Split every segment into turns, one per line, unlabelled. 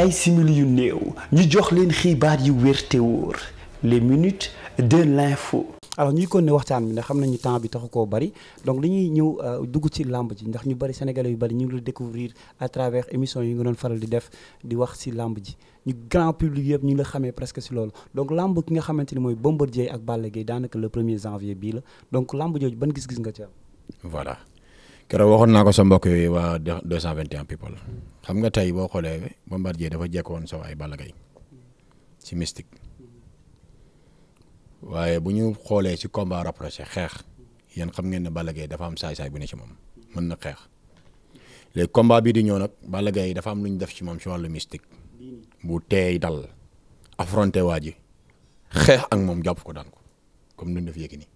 ay simili yu néew ñu jox leen xibaar yu wér te wóor les minutes de l'info. alors ñuy kon ne waxtaan bi ndax xam na ñu temps bi taxu ko bari donc li ñuy ñëw euh, dugg ci làmb ji ndax ñu bari sénégalais yu bari ñu ngi la découvrir à travers émission yi nga doon faral di def di wax ci làmb ji ñu grand public yëpp ñu ngi la xamee presque si loolu donc làmb ki nga xamante ni mooy Bombardier ak Balla Gaye daanaka le premier janvier bii la donc làmb jooju ban gis-gis nga ci
keroog waxoon naa ko sa mbokk yi waa 221 people xam nga tey boo xoolee Bombardier dafa jekkoon sa waay Balla Gaye ci waaye bu ñu xoolee ci combat rapproché xeex yéen xam ngeen ne Balla dafa am saay-saay bu ci moom mën na xeex léegi combat bii di ñëw nag Balla Gaye dafa am lu ñu def ci moom si wàllu mystique bu teey dal affronté waa ji xeex ak moom jàpp ko daan ko comme lu ñu def Yékini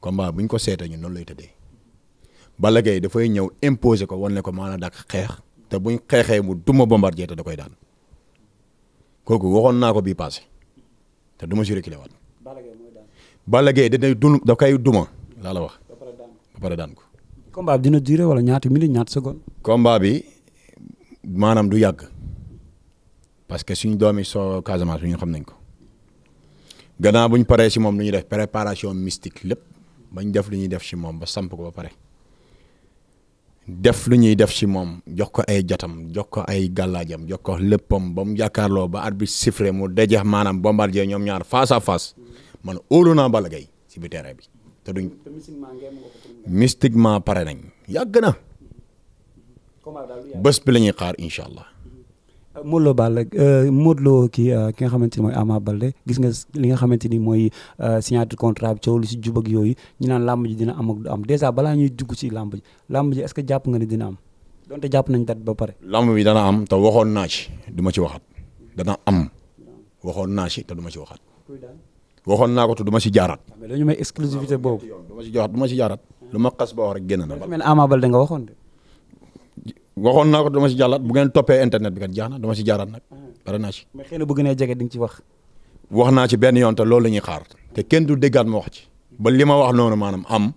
combat bu ñu ko seetee ñu noonu lay tëddee. Balla Gaye dafay ñëw imposé ko wan ne ko maanaam dak xeex te buñ xeexee mu duma bombardier te da koy daan kooku waxoon naa ko bii passé te du ma si reculer waat. Balla Gaye dina dun da koy duma laa la wax. ba pare daan ko.
combat dina durer wala ñaati minute ñaat
seconde. combat bi maanaam du yàgg parce que suñ doomi soo Casamance ñu xam nañ ko gannaaw bu ñu paree si moom lu ñuy def préparation mystique lépp bañ def lu ñuy def si moom ba samp ko ba pare. def lu ñuy def si moom jox ko ay jotam jox ko ay gàllaajam jox ko léppam ba mu jàkkaarloo ba arbitre sifflé mu dajeex maanaam bombardier ñoom ñaar fas à fas man óolu naa Balla Gaye ci bi terrain bi te duñ mystiquement pare nañ yàgg na bés bi la ñuy xaar incha allah.
Modou Lo Balla euh, Modou Lo kii euh, ki nga xamante ni mooy Ama Baldé gis nga li nga xamante ni mooy euh, signature contrat bi coow lu si jub ak yooyu ñu naan làmb ji dina am ak du am dèjà balaa ñuy dugg si làmb ji làmb ji est ce jàpp nga ne dina am donte jàpp nañ dat ba pare.
làmb bi dana am ta waxoon naa ci du ma ci waxaat dana am waxoon naa ci duma du ma ci waxaat. naa ko du ma si jaaraat. mais dañu may exclusivité boobu. du ma si joxaat du ma si ma xas ba wax rek génn na.
Ama Baldé nga waxoon
waxoon naa ko dama si jàllaat bu ngeen toppee internet bi kat jaax na dama si jaaraat nag bare hmm. naa si. mais xëy na bëgg na jege di nga ci wax. wax naa ci benn yoon te loolu la ñuy xaar te kenn du déggaat ma wax ci ba li ma wax noonu maanaam am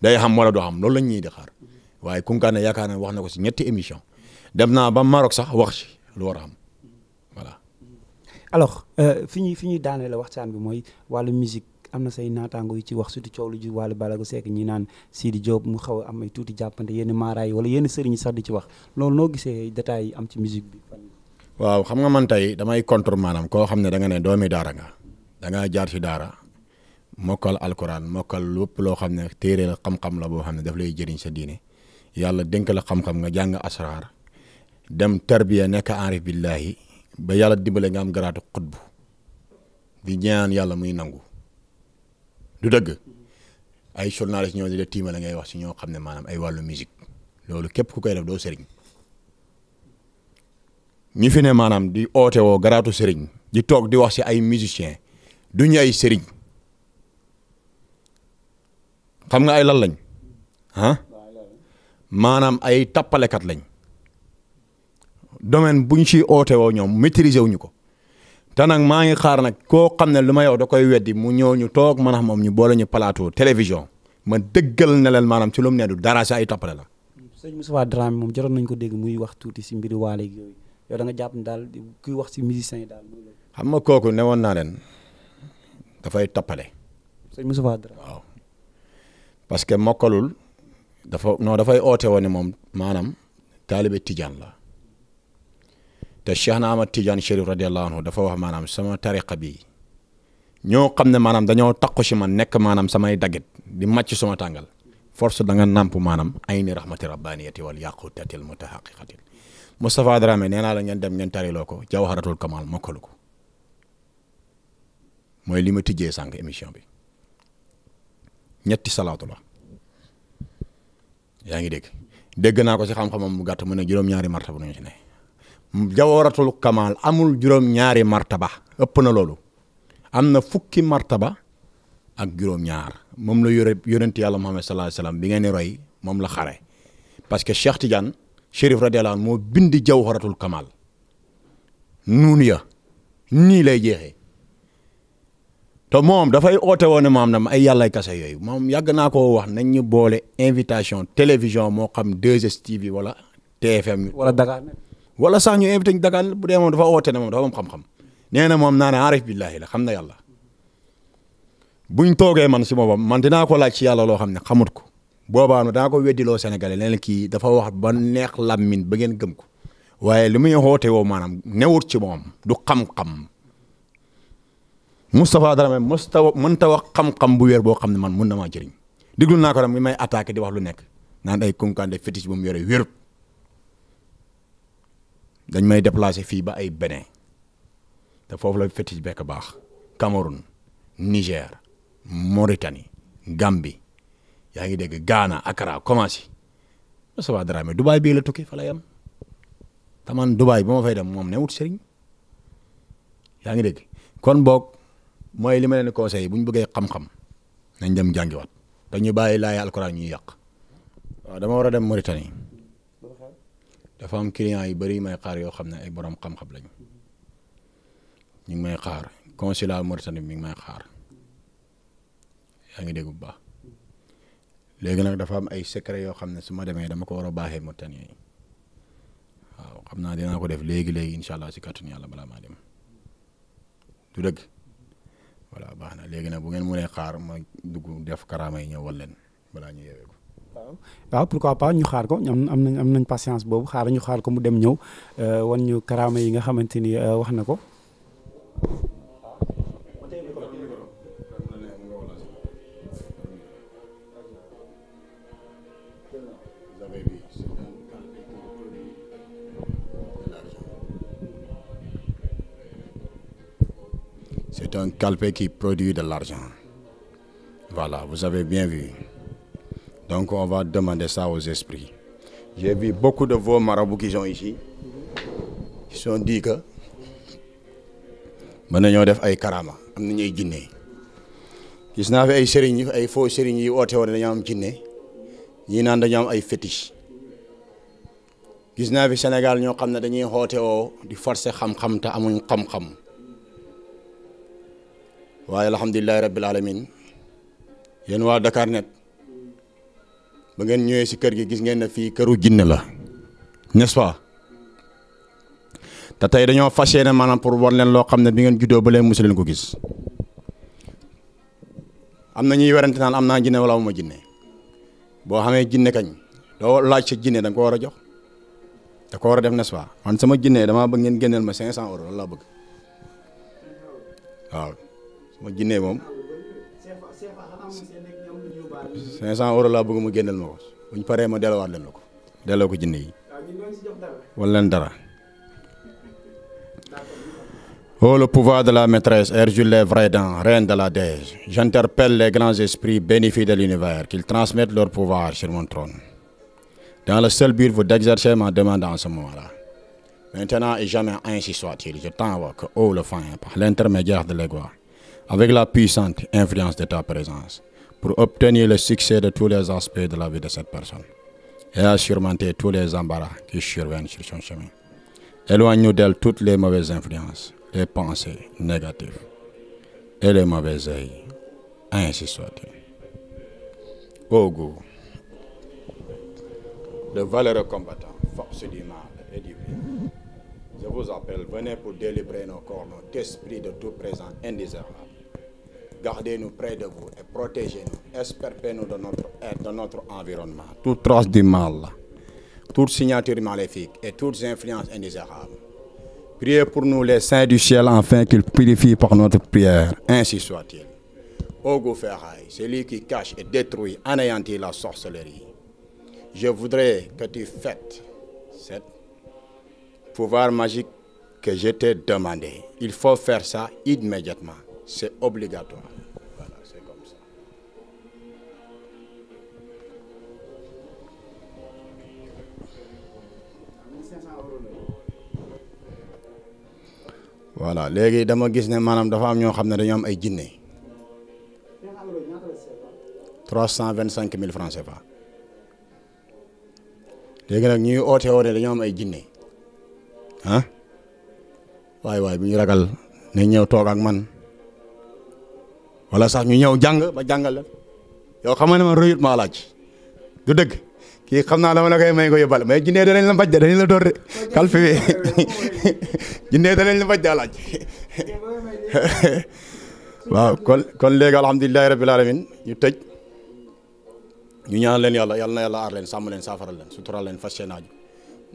day xam wala du xam loolu la ñuy di xaar waaye Koungheul yaakaar naa wax na ko si ñetti émission dem naa ba Maroc sax wax ci lu war a am voilà.
alors euh, fi ñuy fi ñuy daaneel la waxtaan bi mooy wàllu musique. am na say naataango yu ci wax surtout coow lu ju wàllu balago seek ñi naan Sidi Diop mu xaw am ay tuuti jàppante yenn maaraay wala yenn sëriñ sax di ci wax loolu noo gisee détails yi am ci musique bi
waaw xam nga man tey damay contre maanaam koo xam ne danga nga ne doomi daara nga da jaar si daara mokal alquran mokal lépp loo xam ne téere la xam-xam la boo xam ne daf lay jëriñ sa diine yàlla dénk la xam-xam nga jàng asraar dem tarbiya nekk aarif billaahi ba yàlla dimbale nga am garaatu yàlla muy nangu du dëgg ay journaliste ñoo di la tiimale ngay wax si ñoo xam ne maanaam ay wàllu musique loolu képp ku koy def doo sëriñ ñu fi ne maanaam di oote woo garaatu sëriñ di toog di wax si ay musicien du ñu ay sëriñ xam nga ay lan lañ ah maanaam ay tappalekat lañ domaine buñ si oote woo ñoom maîtriser ñu ko te nag maa ngi xaar nag koo xam ne lu ma yow da koy weddi mu ñëw ñu toog man moom ñu boole ñu plateau télévision ma dëggal na leen maanaam ci lu mu du dara si ay toppale la.
sëñ Moustapha Dramé moom jotoon nañ ko dégg muy wax tuuti si mbiru waale ak yooyu yow da nga jàpp ne daal kuy wax si misi yi daal.
xam nga kooku newoon naa leen dafay toppale.
sëñ Moustapha
que mokkalul dafa non dafay oote woon ne moom maanaam taalibe tijaan la. te Cheikh na Ahmad Tidiane Chérif radiallahu anhu dafa wax maanaam sama tariqa bi ñoo xam ne maanaam dañoo takku si man nekk maanaam samay dagget di màcc suma tàngal force da nga nàmp maanaam ay ni rahmati rabbaniyati wal yaqutatil mutahaqiqatil Moustapha Dramé nee naa la ngeen dem ngeen tariloo ko jawharatul kamal mokkalu ko mooy li ma tijjee sànq émission bi ñetti salaatu yaa ngi dégg dégg naa ko ci xam-xamam bu gàtt mu ne juróom-ñaari martaba bu ñu jawaratul kamal amul juróom-ñaari martaba ëpp na loolu am na fukki martaba ak juróom-ñaar moom la yore yonent yàlla Muhammad sallallahu alayhi bi ngeen di roy moom la xare parce que Cheikh Tidiane Chérif radiyallahu moo bindi jawharatul kamal nuun ya nii lay jeexee te moom dafay oote woon ne maam na ma ay yàllay kase yooyu moom yàgg naa ko wax nañ ñu boole invitation télévision moo xam 2STV wala TFM. wala Dakar. wala sax ñu invité ñu dagaan bu dee moom dafa oote ne moom dafa am xam-xam nee na moom naa ne arif billahi la xam na yàlla toogee man si boppam man dinaa ko laaj ci yàlla loo xam ne xamut ko boobaa nag daa ko loo sénégalais leen ki dafa wax ba neex làmmiñ ba ngeen gëm ko waaye li mu muy xoote woo maanaam newut ci moom du xam dara Moustapha Dramé Moustapha mënta wax xam kam bu weer boo xam ne man mun na maa jëriñ diglu naa ko ram mi may attaqué di wax lu nekk naan ay kunkande fétiche bu mu yore wérut dañ may déplacé fii ba ay Bénin te foofu la fétiche bekk baax Cameroun Niger Mauritanie Gambie yaa ngi dégg gaana Accra commencé Moustapha Dramé Dubaay bii la tukki fa la yem te man Dubaay ba ma fay dem moom newut sëriñ yaa ngi dégg kon boog mooy li ma leen conseillé bu ñu bëggee xam-xam nañ dem jàngiwaat dañu bàyyi laay alxuraan ñuy yàq waaw dama war a dem Mauritanie dafa am client yu bëri may xaar yoo xam ne ay borom xam-xam lañu ñu ngi may xaar consulat Mauritanie mi ma may xaar yaa ngi dégg bu baax léegi nag dafa am ay secret yoo xam ne si ma demee dama ko war a baaxee Mauritanie yi waaw xam naa dinaa ko def léegi léegi incha allah si kàttanu yàlla balaa maa dem du dëgg walaa baax na léegi nag bu ngeen mënee xaar ma dugg def karaama yi ñëw wal leen balaa ñu yeewee ko
waaw pourquoi pas ñu xaar ko am am nañ am nañ patience boobu xaar ñu xaar ko mu dem ñëw euh, wan ñu karaama yi nga xamante ni euh, wax na ko.
C'est un calpé qui produit de l'argent. Voilà, vous avez bien vu. Donc on va demander ça aux esprits. J'ai vu beaucoup de vos mara qui sont i si sont dit que mën nañoo def ay karaama am na ay jinne gis naa fi ay sëriñ yi ay faux sëriñ yi oote woon dañoo am jinne ñii naan dañoo am ay fétiche gis naa fi senegal ñoo xam ne dañuy xoote woo di forcer xam-xam te amuñ xam-xam waaye alhamdulilahi rabbil alamin yéen waa Dakar Net ba ngeen ñëwee si kër gi gis ngeen ne fii këru jinne la nest te tey dañoo fas yéene maanaam pour wan leen loo xam ne bi ngeen juddoo ba leen mosu ko gis am na ñuy werante naan am naa jinne wala amuma jinne boo xamee jinne kañ doo laaj sa jinne da ko war a jox te ko war a def n'est-ce pas man sama jinne damaa bëgg ngeen génneel ma 500 euros loolu laa bëgg waaw sama jinne moom. 500 euros laa bëgg mu génneel ma ko buñ paree ma delloowaat leen la ko delloo ko jinne yi wala Oh le pouvoir de la maîtresse, Hercule les vrais dents, reine de la déesse. J'interpelle les grands esprits bénéfiques de l'univers, qu'ils transmettent leur pouvoir sur mon trône. Dans le seul but vous d'exercer ma demande en ce là Maintenant et jamais ainsi soit-il, je t'envoie que, oh, le fin, par l'intermédiaire de l'Egoi, avec la puissante influence de ta pour obtenir le succès de tous les aspects de la vie de cette personne et a surmonter tous les embarras qui surviennent sur son chemin. toutes les mauvaises influences, les pensées négatives et les mauvais œils. Ainsi soit-il. Ô goût de valeureux combattants, force du mal et du bien, je vous appelle, venez pour délivrer nos corps, notre esprit de tout présent indésirable Gardez-nous près de vous et protégez-nous. Experpez-nous de notre environnement. Toute trace du mal, toute signature maléfique et toutes influences indésirables. Priez pour nous les saints du ciel afin qu'ils purifient par notre prière. Ainsi soit-il. Ô Goufférail, celui qui cache et détruit, anéantit la sorcellerie. Je voudrais que tu fêtes cet pouvoir magique que je t'ai demandé. Il faut faire ça immédiatement. c'est obligatoire. Voilà, léegi dama gis ne maanaam dafa am ñoo xam ne dañoo am ay jinne cinq mille francs CFA léegi nag ñuy oote woo ne dañoo am ay jinne ah waay waay bu ñu ragal ne ñëw toog ak man wala sax ñu ñëw jàng ma jàngal la yow xam nga ne ma rëyut maa laaj du dëgg kii xam naa dama la koy may ko yóbbal mais jindee danañ la faj de danañ la door de kalfi bi jindee danañ la faj daa laaj waaw kon kon léegi i rabbil alamin ñu tëj ñu ñaan leen yàlla yàlla na yàlla aar leen sàmm leen saafaral leen sutural leen fas seenaaju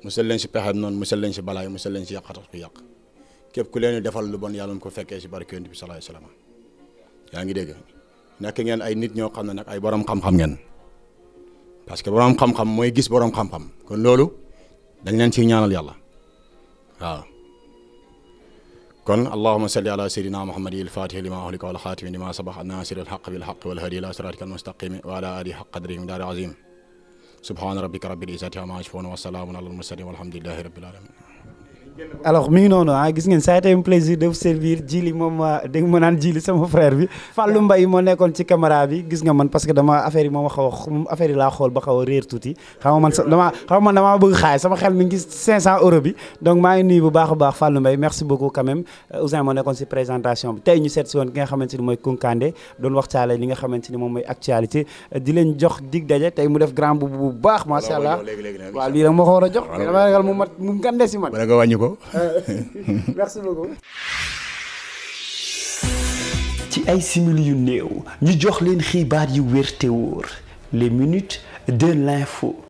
musal leen si pexeem noonu musal leen si balaay musal leen si yàqatas ku yàq képp ku leen defal lu bon yàlla ko fekkee si barke bi salaay salaam yaa ngi dégg nekk ngeen ay nit ñoo xam ne nag ay borom xam-xam ngeen parce que borom xam-xam mooy gis borom xam-xam kon loolu dañ leen ciy ñaanal yàlla waaw. kon allahuma salli ala seydina muhammadi alfaatihi lima uxlika wal xaatimi lima sabax annaasiri alxaq bilxaq walhadi ila siraatika almustaqimi wa ala alihi xaq qadrihi miqdaari azim subhaana rabbika rabbil izzati amma yasifuun wa salaamun ala almursalin walhamdulillahi rabbil alamin
alors mi ngi noonu ah gis ngeen ça a été un plaisir de vous servir Djily moom ah, dégg nga ma naan Djily sama frère bi Fallou Mbaye moo nekkoon ci caméra bi gis nga man parce que dama affaire yi moom xaw nekkoon si présentation bi tey ñu seet si woon ki nga xamante ni mooy Kounkandé doon waxtaale li nga xamante ni moom mooy actualité euh, di leen jox dig daje tey mu def grand boubou bu baax macha allah waaw lii nag moo jox dama ragal mu mat mu ngande si ko. ci ay simili yu néew ñu jox leen xibaar yu wér te wóor les minutes de l'info.